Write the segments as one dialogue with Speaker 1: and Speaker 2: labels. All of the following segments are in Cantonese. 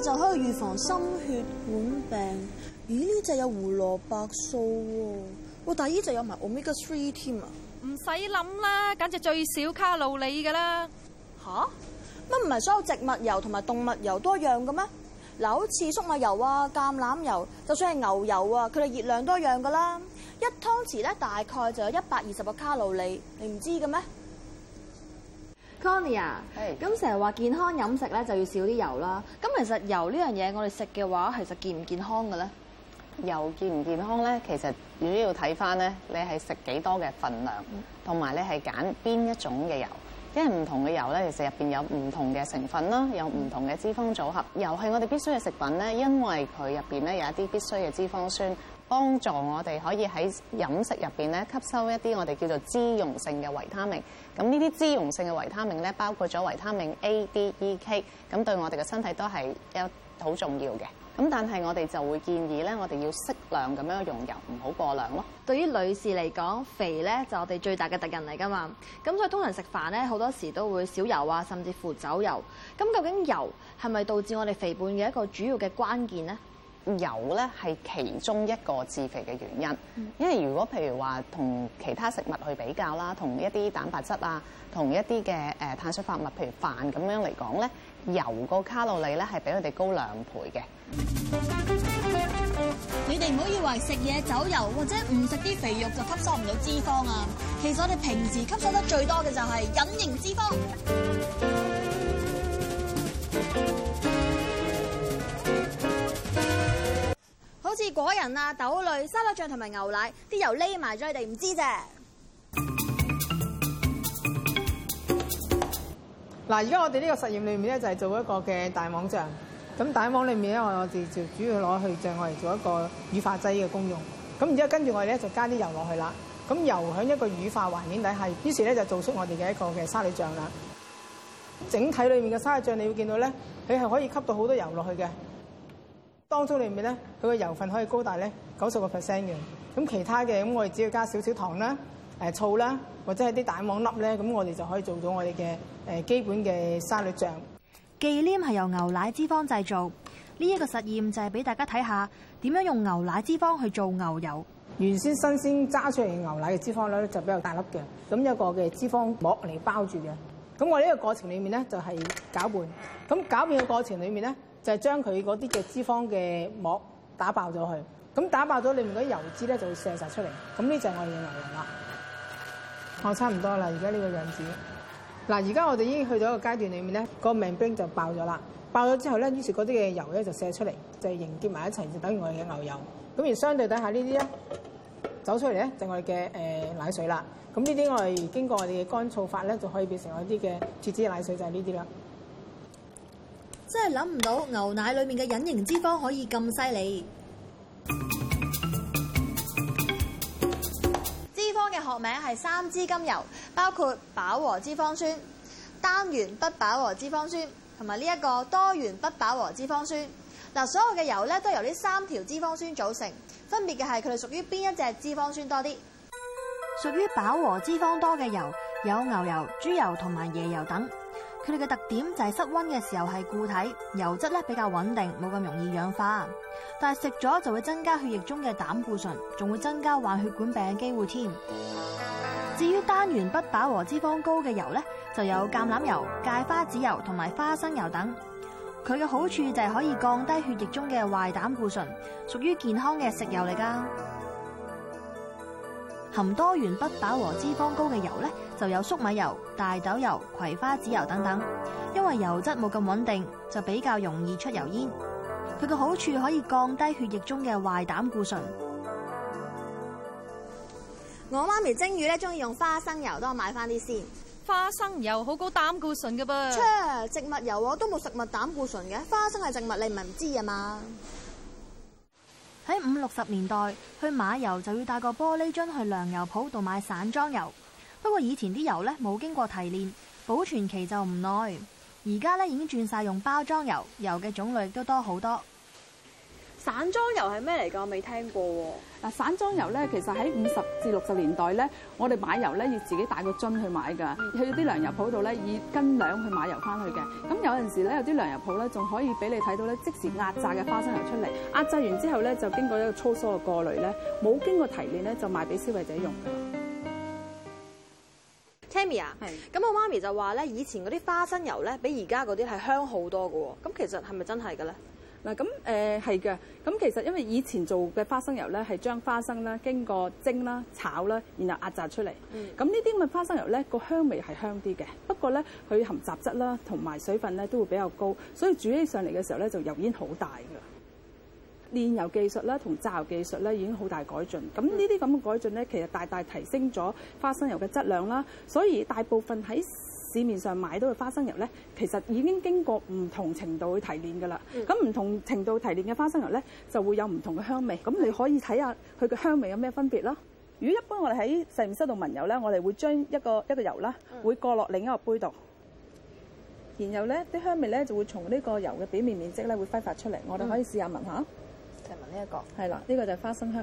Speaker 1: 就可以預
Speaker 2: 防心血管病。咦，呢隻有胡蘿蔔素喎，哇！但係呢就有埋 omega three 添啊，唔
Speaker 3: 使諗啦，簡直最少卡路里噶啦。
Speaker 2: 吓，乜唔係所有植物油同埋動物油都一樣嘅咩？嗱，好似粟米油啊、橄欖油，就算係牛油啊，佢哋熱量都一樣噶啦。一湯匙咧，大概就有一百二十個卡路里，你唔知嘅咩？Connie 啊、hey.，咁成日話健康飲食咧就要少啲油啦。咁其實油呢樣嘢，我哋食嘅話，其實健唔健康嘅咧？油健唔健康咧？其實如果要睇
Speaker 4: 翻咧，你係食幾多嘅份量，同埋你係揀邊一種嘅油。因為唔同嘅油咧，其實入面有唔同嘅成分啦，有唔同嘅脂肪組合。油係我哋必須嘅食品咧，因為佢入面咧有一啲必須嘅脂肪酸，幫助我哋可以喺飲食入面咧吸收一啲我哋叫做脂溶性嘅維他命。咁呢啲脂溶性嘅維他命咧，包括咗維他命 A、D、E、K，咁對我哋嘅身體都係一好重要嘅。咁但係我哋就會建議咧，我哋要適量咁樣用油，唔好過量咯。對
Speaker 2: 於女士嚟講，肥咧就我哋最大嘅敵人嚟噶嘛。咁所以通常食飯咧，好多時都會少油啊，甚至乎走油。咁究竟油係咪導致我哋肥胖嘅一個主要嘅關鍵呢？油咧係其中一個致肥嘅原因，因為如
Speaker 4: 果譬如話同其他食物去比較啦，同一啲蛋白質啊，同一啲嘅誒碳水化合物，譬如飯咁樣嚟講咧。油個卡路里咧係比佢哋高兩倍
Speaker 5: 嘅。
Speaker 2: 你哋唔好以為食嘢走油或者唔食啲肥肉就吸收唔到脂肪啊！其實我哋平時吸收得最多嘅就係隱形脂肪，好似果仁啊、豆類、沙律醬同埋牛奶，啲油
Speaker 6: 匿埋咗，你哋唔知啫。嗱，而家我哋呢個實驗裏面咧，就係做一個嘅大網醬。咁大網裏面咧，我哋就主要攞去我哋做一個乳化劑嘅功用。咁然之後跟住我哋咧，就加啲油落去啦。咁油喺一個乳化環境底下，於是咧就做出我哋嘅一個嘅沙律醬啦。整體裏面嘅沙律醬，你會見到咧，佢係可以吸到好多油落去嘅。當中裏面咧，佢個油份可以高達咧九十個 percent 嘅。咁其他嘅，咁我哋只要加少少糖啦。誒醋啦，或者係啲蛋黃粒咧，咁我哋就可以做到我哋嘅誒基本嘅沙律醬。忌廉係由牛奶脂肪製造，呢
Speaker 2: 一個實驗就係俾大家睇下點樣用牛奶脂肪去做牛油。原先新鮮
Speaker 6: 揸出嚟嘅牛奶嘅脂肪粒咧就比較大粒嘅，咁有個嘅脂肪膜嚟包住嘅。咁我呢個過程裡面咧就係攪拌，咁攪拌嘅過程裡面咧就係將佢嗰啲嘅脂肪嘅膜打爆咗去，咁打爆咗裡面嗰啲油脂咧就會瀉晒出嚟，咁呢就係我哋嘅牛油啦。我、啊、差唔多啦，而家呢個樣子。嗱、啊，而家我哋已經去到一個階段裏面咧，嗰、那個明冰就爆咗啦。爆咗之後咧，於是嗰啲嘅油咧就射出嚟，就係凝結埋一齊，就等於我哋嘅牛油。咁而相對底下這些呢啲咧，走出嚟咧就是、我哋嘅誒奶水啦。咁呢啲我哋經過我哋嘅乾燥法咧，就可以變成我啲嘅脫脂奶水，就係呢啲啦。
Speaker 2: 真係諗唔到牛奶裏面嘅隱形脂肪可以咁犀利！學名係三脂甘油，包括飽和脂肪酸、單元不飽和脂肪酸同埋呢一個多元不飽和脂肪酸。嗱，所有嘅油咧都由呢三條脂肪酸組成，分別嘅係佢哋屬於邊一隻脂肪酸多啲。屬於飽和脂肪多嘅油有牛油、豬油同埋椰油等，佢哋嘅特點就係室温嘅時候係固體，油質咧比較穩定，冇咁容易氧化。但係食咗就會增加血液中嘅膽固醇，仲會增加患血管病嘅機會添。至於單元不飽和脂肪高嘅油呢，就有橄欖油、芥花籽油同埋花生油等。佢嘅好處就係可以降低血液中嘅壞膽固醇，屬於健康嘅食油嚟㗎。含多元不飽和脂肪高嘅油呢，就有粟米油、大豆油、葵花籽油等等。因為油質冇咁穩定，就比較容易出油煙。佢嘅好處可以降低血液中嘅壞膽固醇。我媽咪蒸魚咧，中意用花生油，等我買翻啲先。花生油好高膽固醇噶噃，切，植物油我都冇食物膽固醇嘅，花生係植物，你唔係唔知啊嘛？喺五六十年代，去買油就要帶個玻璃樽去糧油鋪度買散裝油。不過以前啲油呢冇經過提煉，保存期就唔耐。而家呢已經轉晒用包裝油，油嘅種類都多好多。
Speaker 3: 散裝油係咩嚟㗎？我未聽過喎。嗱，散裝油咧，其實喺五十至六十年代咧，我哋買油咧要自己帶個樽去買㗎，去啲糧油鋪度咧以斤兩去買油翻去嘅。咁有陣時咧，有啲糧油鋪咧仲可以俾你睇到咧，即時壓榨嘅花生油出嚟，壓榨完之後咧就經過一個粗疏嘅過濾咧，冇經過提煉咧就賣俾消費者用㗎喇。
Speaker 2: Tammy 啊，係咁，我媽咪就話咧，
Speaker 3: 以前嗰啲花生油咧比而家嗰啲係香好多㗎喎。咁其實係咪真係嘅咧？嗱，咁誒係嘅，咁、呃、其實因為以前做嘅花生油咧，係將花生啦經過蒸啦、炒啦，然後壓榨出嚟。咁呢啲咪花生油咧，個香味係香啲嘅，不過咧佢含雜質啦同埋水分咧都會比較高，所以煮起上嚟嘅時候咧就油煙好大㗎。煉油技術啦同榨油技術咧已經好大改進，咁呢啲咁嘅改進咧其實大大提升咗花生油嘅質量啦，所以大部分喺市面上買到嘅花生油咧，其實已經經過唔同程度去提煉㗎喇。咁、嗯、唔同程度提煉嘅花生油咧，就會有唔同嘅香味。咁、嗯、你可以睇下佢嘅香味有咩分別咯。如果一般我哋喺實驗室度聞油咧，我哋會將一個一個油啦，嗯、會過落另一個杯度，然後咧啲香味咧就會從呢個油嘅表面面積咧會揮發出嚟。我哋可以試下聞下，嚟
Speaker 2: 聞呢一個。係
Speaker 3: 啦，呢個就係花生香。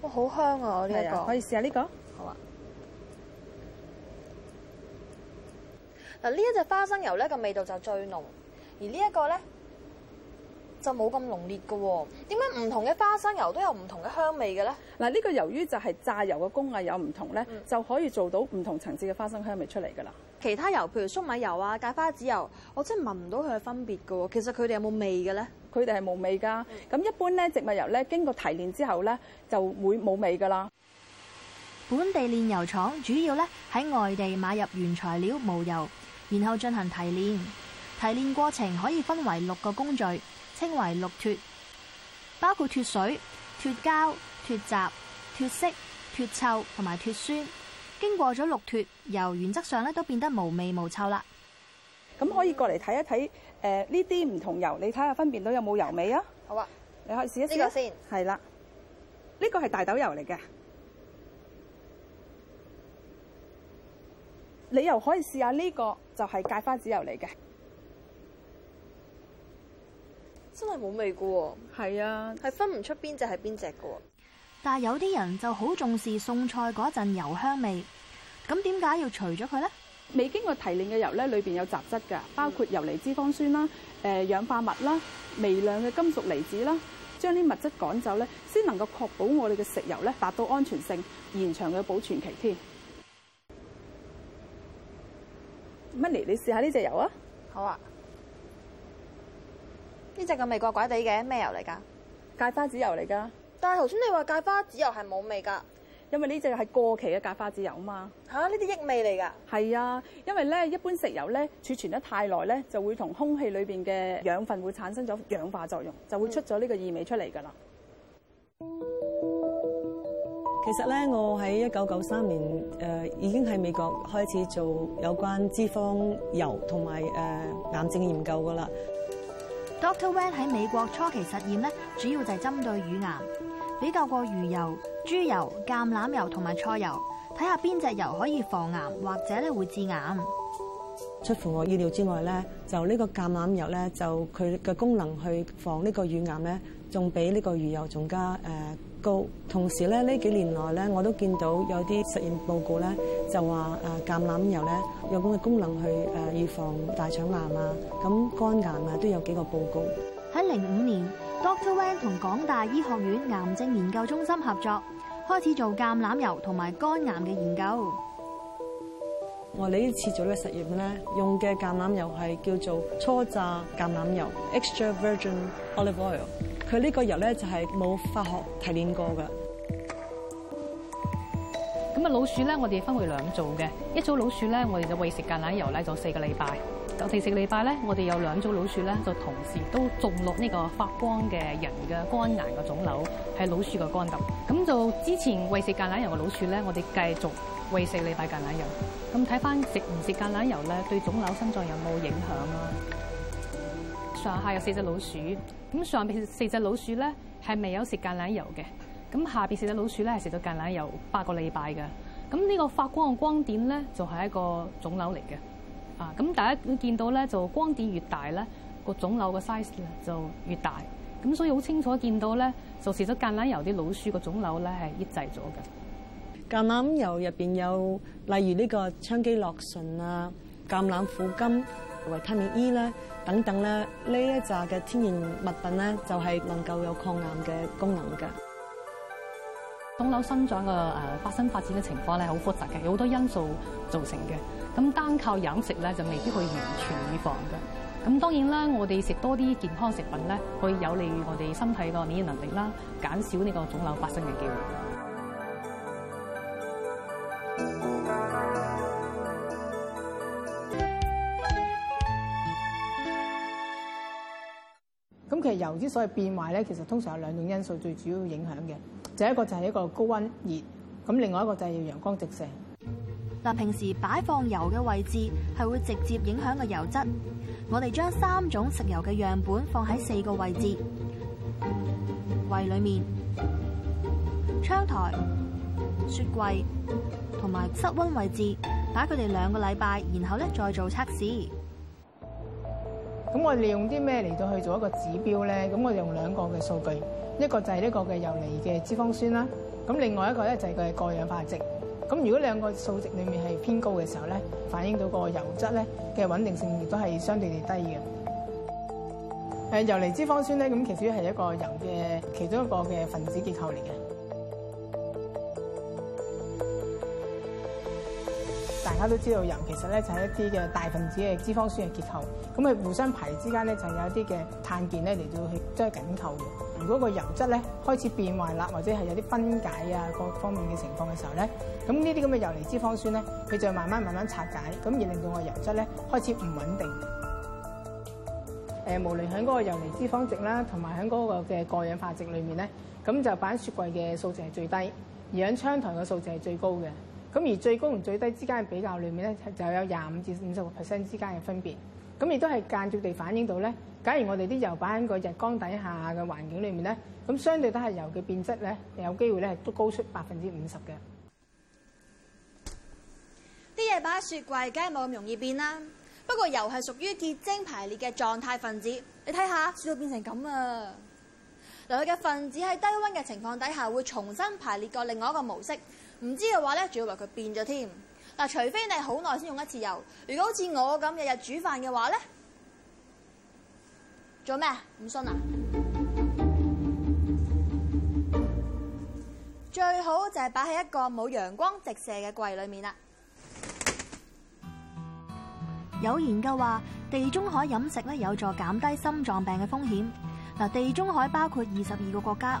Speaker 3: 哇、哦，好香啊！我
Speaker 2: 呢一個可以試下呢個。好啊。嗱，呢一隻花生油咧個味道就最濃，而這呢一個咧
Speaker 3: 就冇咁濃烈嘅喎。點解唔同嘅花生油都有唔同嘅香味嘅咧？嗱，呢個由於就係榨油嘅工藝有唔同咧、嗯，就可以做到唔同層次嘅花生香味出嚟㗎啦。其他油，譬如粟米油啊、芥花籽油，我真係聞唔到佢嘅分別㗎喎。其實佢哋有冇味嘅咧？佢哋係冇味㗎。咁、嗯、一般咧，植物油咧經過提煉之後咧，就會冇味㗎啦。
Speaker 2: 本地煉油廠主要咧喺外地買入原材料冇油。然後進行提煉，提煉過程可以分為六個工序，稱為六脱，包括脱水、脫膠、脫雜、脫色、脫臭同埋脫酸。經過咗六脱，油原則上咧都變得無味
Speaker 3: 無臭啦。咁可以過嚟睇一睇，誒，呢啲唔同油，你睇下分辨到有冇油味啊？好啊，你可以試一試呢個、先。係啦，呢、呢個係大豆油嚟嘅。你又可以試下呢個，就係、是、芥花籽油嚟嘅，真
Speaker 2: 係冇味嘅喎。係啊，係分唔出邊隻係邊隻嘅喎。
Speaker 3: 但係有啲人就好重視餸菜嗰陣油香味，咁點解要除咗佢呢？未經過提煉嘅油咧，裏邊有雜質㗎，包括游離脂肪酸啦、誒、呃、氧化物啦、微量嘅金屬離子啦，將啲物質趕走咧，先能夠確保我哋嘅食油咧達到安全性、延長嘅保存期添。Money，你試下呢隻油啊！好啊！呢隻咁味怪怪地嘅，咩油嚟噶？芥花籽油嚟噶。
Speaker 2: 但係頭先你話芥花籽油係冇味噶，
Speaker 3: 因為呢隻係過期嘅芥花籽油啊嘛。嚇、啊！呢啲異味嚟㗎。係啊，因為咧一般食油咧儲存得太耐咧，就會同空氣裏邊嘅氧分會產生咗氧化作用，就會出咗呢個異味出嚟㗎啦。嗯
Speaker 7: 其實咧，我喺一九九三年，誒，已經喺美國開始做有關脂肪油同埋誒癌症研究噶啦。Dr. Wen 喺美
Speaker 2: 國初期實驗咧，主要就係針對乳癌，比較過魚油、豬油、橄欖油同埋菜油，睇下邊隻油可以防癌或者咧會致癌。
Speaker 7: 出乎我意料之外咧，就呢個橄欖油咧，就佢嘅功能去防呢個乳癌咧，仲比呢個魚油仲加誒。呃高，同時咧呢幾年來咧，我都見到有啲實驗報告咧，就話誒橄欖油咧有咁嘅功能去誒預防大腸癌啊，咁肝癌啊都有幾個報告。喺零
Speaker 2: 五年，Dr. Wen 同港大醫學院癌症研究中心合作，開始做
Speaker 7: 橄欖油同埋肝癌嘅研究。我哋呢次做呢個實驗咧，用嘅橄欖油係叫做初榨橄欖油 （extra virgin olive oil）。佢呢個油咧就係冇化學提煉過嘅。
Speaker 8: 咁啊，老鼠咧，我哋分為兩組嘅。一組老鼠咧，我哋就餵食橄欖油咧，就四個禮拜。第四個禮拜咧，我哋有兩組老鼠咧，就同時都種落呢個發光嘅人嘅肝癌個腫瘤喺老鼠個肝癌。咁就之前餵食橄欖油嘅老鼠咧，我哋繼續餵四禮拜橄欖油。咁睇翻食唔食橄欖油咧，對腫瘤生長有冇影響啊？下有四隻老鼠，咁上邊四隻老鼠咧係未有食橄欖油嘅，咁下邊四隻老鼠咧係食咗橄欖油八個禮拜嘅。咁呢個發光嘅光點咧就係、是、一個腫瘤嚟嘅。啊，咁大家見到咧就光點越大咧個腫瘤嘅 size 就越大。咁所以好清楚見到咧就食咗橄欖油啲老鼠個腫瘤咧係抑制咗嘅。
Speaker 7: 橄欖油入邊有例如呢個槍激洛醇啊、橄欖苦苷、維他命 E 啦。等等咧，呢一紮嘅天然物品咧，就係能夠有抗癌嘅功能嘅。腫瘤生長
Speaker 8: 嘅誒發生發展嘅情況咧，好複雜嘅，有好多因素造成嘅。咁單靠飲食咧，就未必去完全預防嘅。咁當然啦，我哋食多啲健康食品咧，可以有利於我哋身體個免疫能力啦，減少呢個腫瘤發生嘅機會。
Speaker 6: 咁其油之所以變壞咧，其實通常有兩種因素最主要影響嘅，就一個就係一個高温熱，咁另外一個就係陽光直射。嗱，平時擺放油嘅位置係
Speaker 2: 會直接影響個油質。我哋將三種食油嘅樣本放喺四個位置：櫃裏面、窗台、雪櫃同埋室温位置，擺佢哋兩個禮拜，然後咧再
Speaker 6: 做測試。咁我利用啲咩嚟到去做一個指標咧？咁我用兩個嘅數據，一個就係呢個嘅游離嘅脂肪酸啦。咁另外一個咧就係佢嘅過氧化值。咁如果兩個數值裡面係偏高嘅時候咧，反映到個油質咧嘅穩定性亦都係相對地低嘅。誒，游離脂肪酸咧，咁其實係一個油嘅其中一個嘅分子結構嚟嘅。大家都知道油其實咧就係一啲嘅大分子嘅脂肪酸嘅結構，咁佢互相排之間咧就有一啲嘅碳鍵咧嚟到去即係緊扣嘅。如果個油質咧開始變壞啦，或者係有啲分解啊各方面嘅情況嘅時候咧，咁呢啲咁嘅游離脂肪酸咧佢就慢慢慢慢拆解，咁而令到個油質咧開始唔穩定。誒，無論喺嗰個游離脂肪值啦，同埋喺嗰個嘅過氧化值裏面咧，咁就擺雪櫃嘅數字係最低，而喺窗台嘅數字係最高嘅。咁而最高同最低之間嘅比較裏面咧，就有廿五至五十個 percent 之間嘅分別。咁亦都係間接地反映到咧。假如我哋啲油擺喺個日光底下嘅環境裏面咧，咁相對都係油嘅變質咧，有機會咧都高出百分之五十嘅。
Speaker 2: 啲嘢擺喺雪櫃，梗係冇咁容易變啦。不過油係屬於結晶排列嘅狀態分子，你睇下，雪到變成咁啊！嗱，佢嘅分子喺低溫嘅情況底下，會重新排列過另外一個模式。唔知嘅話咧，仲要話佢變咗添。嗱，除非你好耐先用一次油。如果好似我咁日日煮飯嘅話咧，做咩？唔信啊？ 最好就係擺喺一個冇陽光直射嘅櫃裏面啦。有研究話，地中海飲食咧，有助減低心臟病嘅風險。嗱，地中海包括二十二個國家。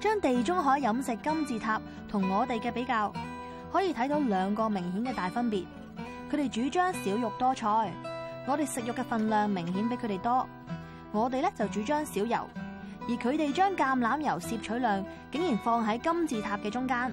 Speaker 2: 將地中海飲食金字塔同我哋嘅比較，可以睇到兩個明顯嘅大分別。佢哋主張少肉多菜，我哋食肉嘅份量明顯比佢哋多。我哋咧就主張少油，而佢哋將橄欖油攝取量竟然放喺金字塔嘅中
Speaker 5: 間。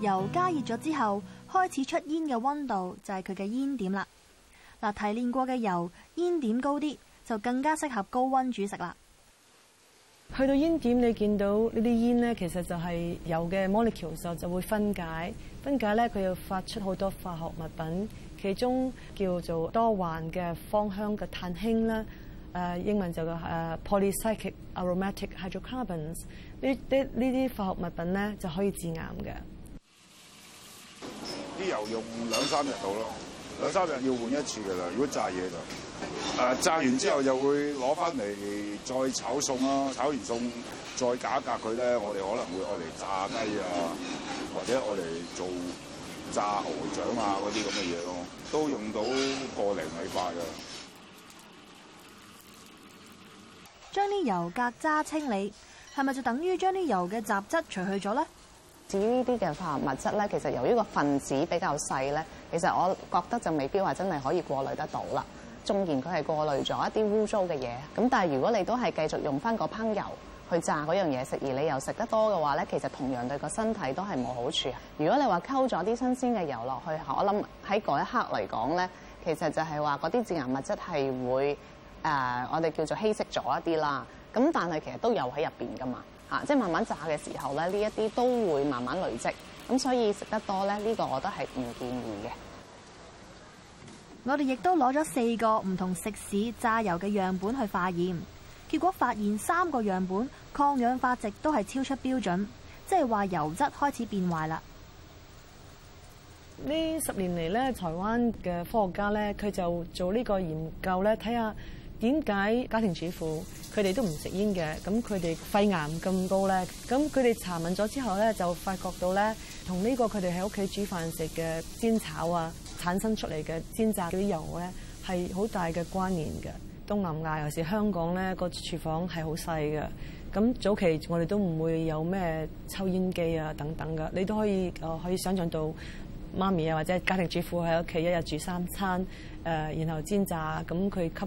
Speaker 2: 油加熱咗之後開始出煙嘅溫度就係佢嘅煙點啦。嗱，提煉過嘅油煙點高啲，就更加適合高溫煮食啦。
Speaker 7: 去到煙點，你見到呢啲煙咧，其實就係油嘅 molecule 就就會分解，分解咧佢又發出好多化學物品，其中叫做多環嘅芳香嘅碳氫啦。誒，英文就個誒 polycyclic aromatic hydrocarbons 呢啲呢啲化學物品咧就可以致癌嘅。啲油用兩
Speaker 3: 三日到咯，兩三日要換一次噶啦。如果炸嘢就，啊，炸完之後又會攞翻嚟再炒餸咯，炒完餸再夾一夾佢咧，我哋可能會愛嚟炸雞啊，或者愛嚟做炸鵝掌啊嗰啲咁嘅嘢咯，都用到一個零禮拜噶。
Speaker 2: 將啲油隔渣清理，係咪就等於將啲油嘅雜質除去咗咧？至於呢啲
Speaker 4: 嘅化合物質咧，其實由於個分子比較細咧，其實我覺得就未必話真係可以過濾得到啦。縱然佢係過濾咗一啲污糟嘅嘢，咁但係如果你都係繼續用翻個烹油去炸嗰樣嘢食，而你又食得多嘅話咧，其實同樣對個身體都係冇好處啊。如果你話溝咗啲新鮮嘅油落去，我諗喺嗰一刻嚟講咧，其實就係話嗰啲致癌物質係會、呃、我哋叫做稀釋咗一啲啦。咁但係其實都有喺入面噶嘛。啊！即係慢慢炸嘅時候咧，呢一啲都會慢慢累積，咁所以食得多咧，呢個我都係唔建議嘅。
Speaker 2: 我哋亦都攞咗四個唔同食肆炸油嘅樣本去化驗，結果發現三個樣本抗氧化值都係超出標準，即係話油質開始變壞啦。
Speaker 7: 呢十年嚟咧，台灣嘅科學家咧，佢就做呢個研究咧，睇下。點解家庭主婦佢哋都唔食煙嘅？咁佢哋肺癌咁高咧？咁佢哋查問咗之後咧，就發覺到咧，同呢個佢哋喺屋企煮飯食嘅煎炒啊，產生出嚟嘅煎炸嗰啲油咧，係好大嘅關聯嘅。東南亞尤其是香港咧，個廚房係好細嘅。咁早期我哋都唔會有咩抽煙機啊等等嘅，你都可以誒、呃、可以想像到媽咪啊或者家庭主婦喺屋企一日煮三餐誒、呃，然後煎炸咁佢吸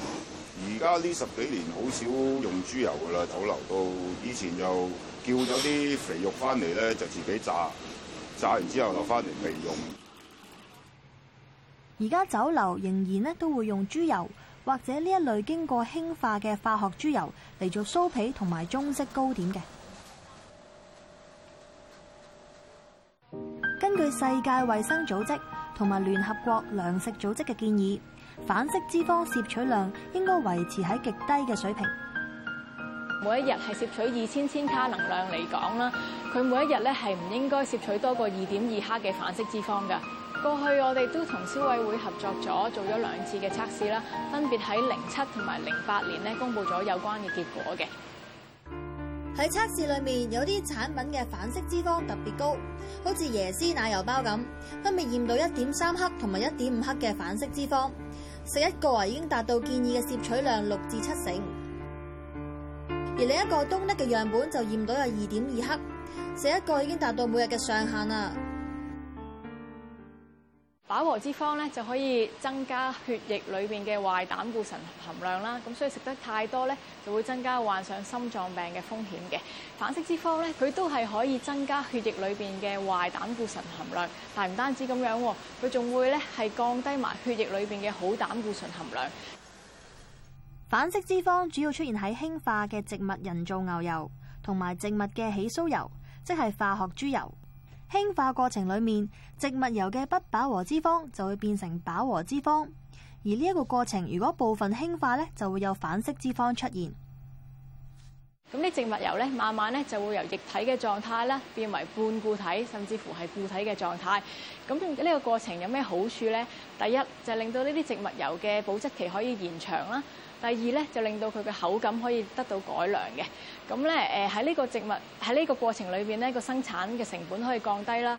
Speaker 3: 而家呢十幾年好少用豬油噶啦，酒樓都以前就叫咗啲肥肉翻嚟咧，就自己炸，炸完之後就翻嚟備用。
Speaker 2: 而家酒樓仍然呢，都會用豬油，或者呢一類經過氫化嘅化學豬油嚟做酥皮同埋中式糕點嘅。根據世界衞生組織同埋聯合國糧食組織嘅建議。反式脂肪攝取量應該維持喺極低嘅水平。
Speaker 1: 每一日係攝取二千千卡能量嚟講啦，佢每一日咧係唔應該攝取多過二點二克嘅反式脂肪㗎。過去我哋都同消委會合作咗做咗兩次嘅測試啦，分別喺零七同埋零八年咧，公布咗有關嘅結果嘅。
Speaker 2: 喺測試裏面有啲產品嘅反式脂肪特別高，好似椰絲奶油包咁，分別驗到一點三克同埋一點五克嘅反式脂肪。食一個已經達到建議嘅攝取量六至七成，而另一個冬甩嘅樣本就驗到有二點二克，食一個已經達到
Speaker 1: 每日嘅上限啦。飽和脂肪咧就可以增加血液裏面嘅壞膽固醇含量啦，咁所以食得太多咧就會增加患上心臟病嘅風險嘅。反式脂肪咧，佢都係可以增加血液裏面嘅壞膽固醇含量，但唔單止咁樣，佢仲會咧係降低埋血液裏面嘅好膽固醇含量。
Speaker 2: 反式脂肪主要出現喺氫化嘅植物人造牛油同埋植物嘅起酥油，即係化學豬油。氫化過程裏面，植物油嘅不飽和脂肪就會變成飽和脂肪，而呢一個過程如果部分氫化呢，就會有反式脂肪出現。
Speaker 1: 咁啲植物油呢，慢慢咧就會由液體嘅狀態啦，變為半固體甚至乎係固體嘅狀態。咁呢個過程有咩好處呢？第一就係令到呢啲植物油嘅保質期可以延長啦。第二咧，就令到佢嘅口感可以得到改良嘅。咁咧，誒喺呢個植物喺呢個過程裏邊咧，個生產嘅成本可以降低啦。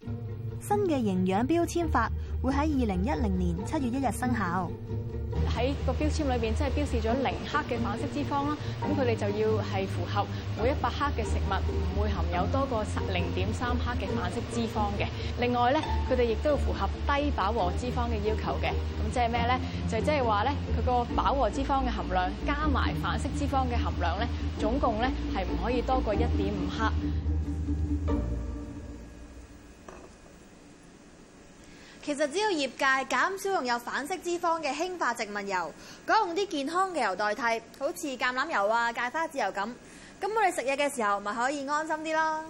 Speaker 2: 新嘅營養標籤法會喺二零一零年七月一日
Speaker 1: 生效。喺個標籤裏邊，即係標示咗零克嘅反式脂肪啦。咁佢哋就要係符合每一百克嘅食物唔會含有多過零點三克嘅反式脂肪嘅。另外咧，佢哋亦都要符合低飽和脂肪嘅要求嘅。咁即係咩咧？就即係話咧，佢個飽和脂肪嘅含量加埋反式脂肪嘅含量咧，總共咧係唔可以多過一點五克。其實只要業界減少用有反
Speaker 2: 式脂肪嘅氫化植物油，改用啲健康嘅油代替，好似橄欖油啊、芥花籽油咁，咁我哋食嘢嘅時候咪可以安心啲咯。